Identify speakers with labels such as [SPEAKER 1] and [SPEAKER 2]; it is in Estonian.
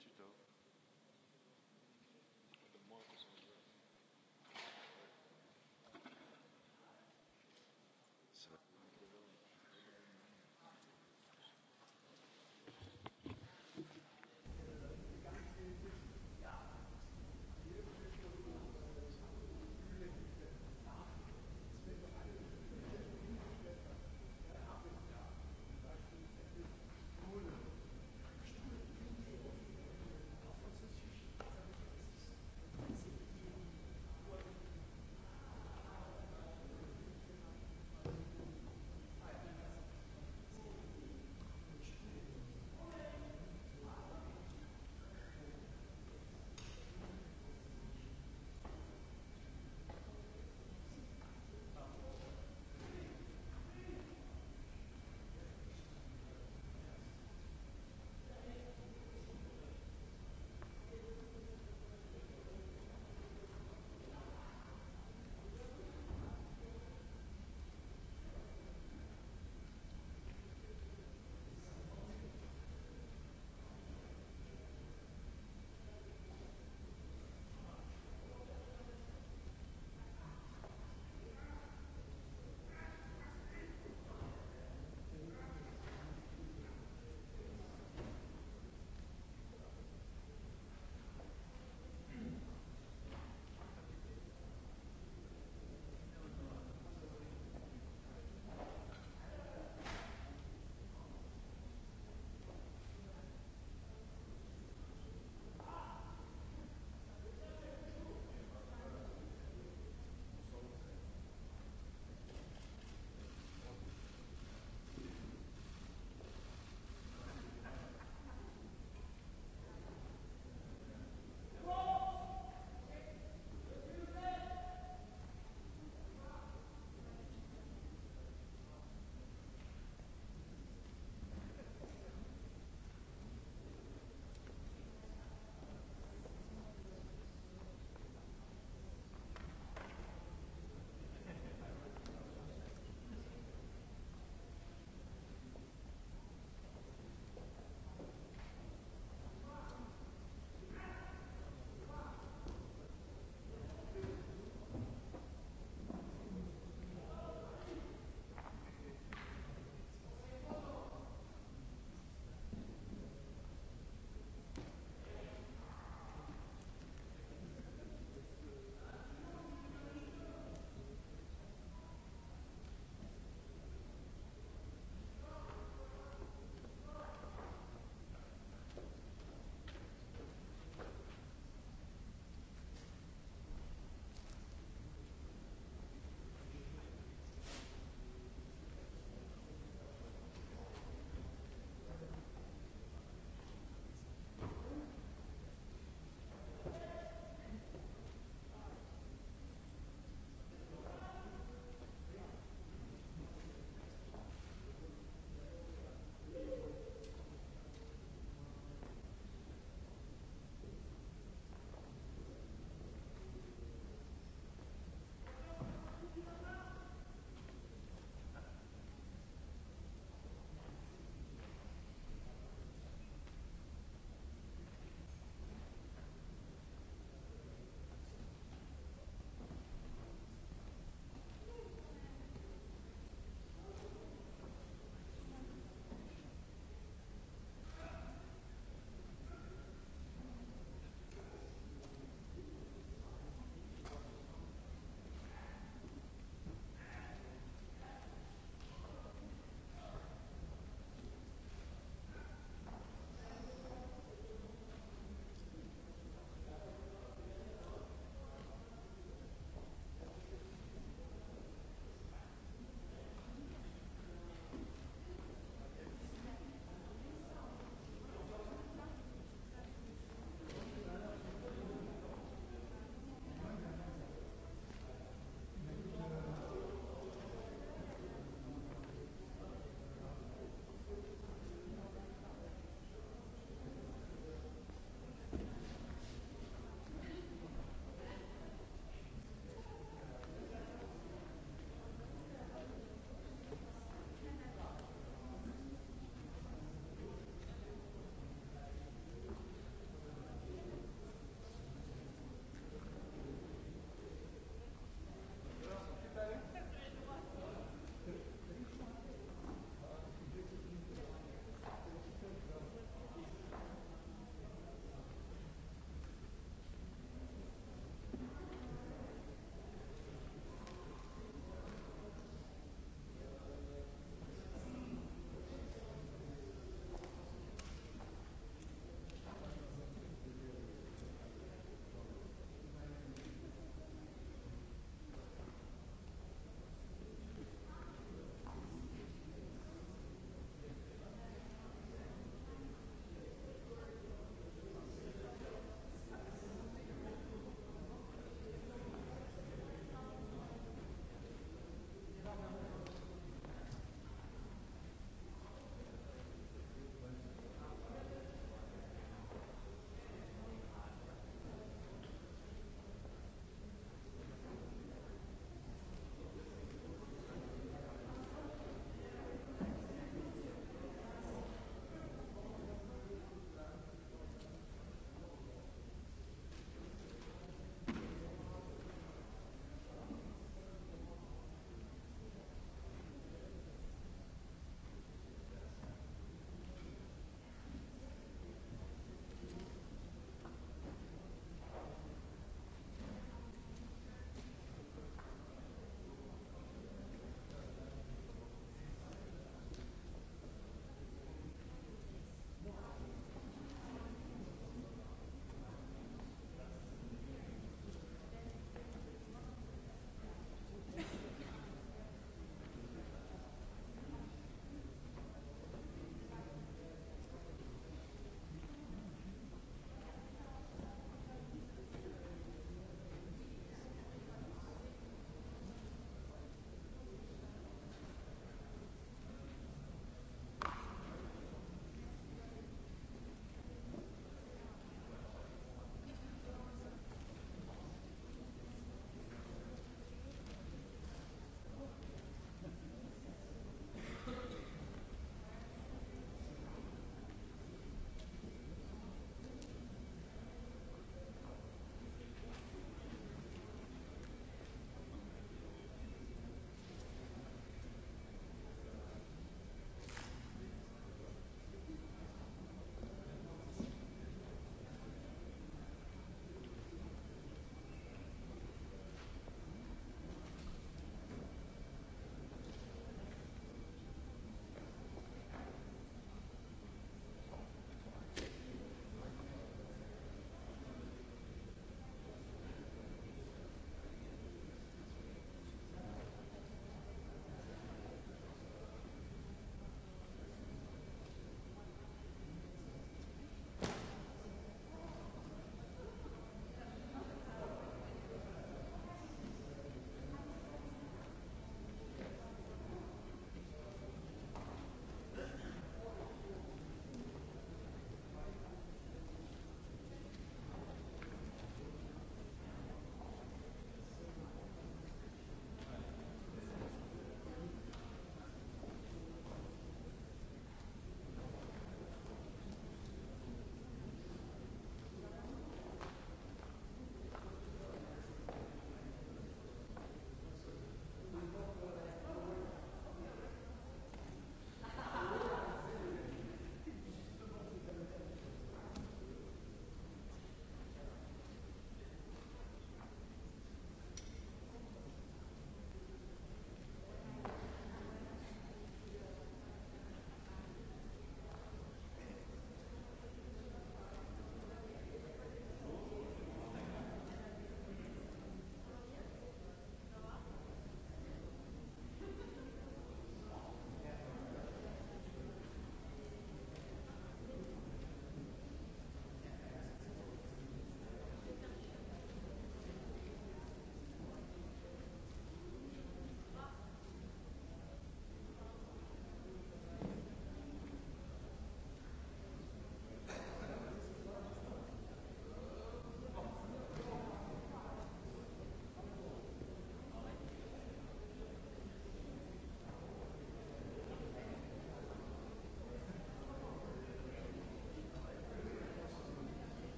[SPEAKER 1] Digital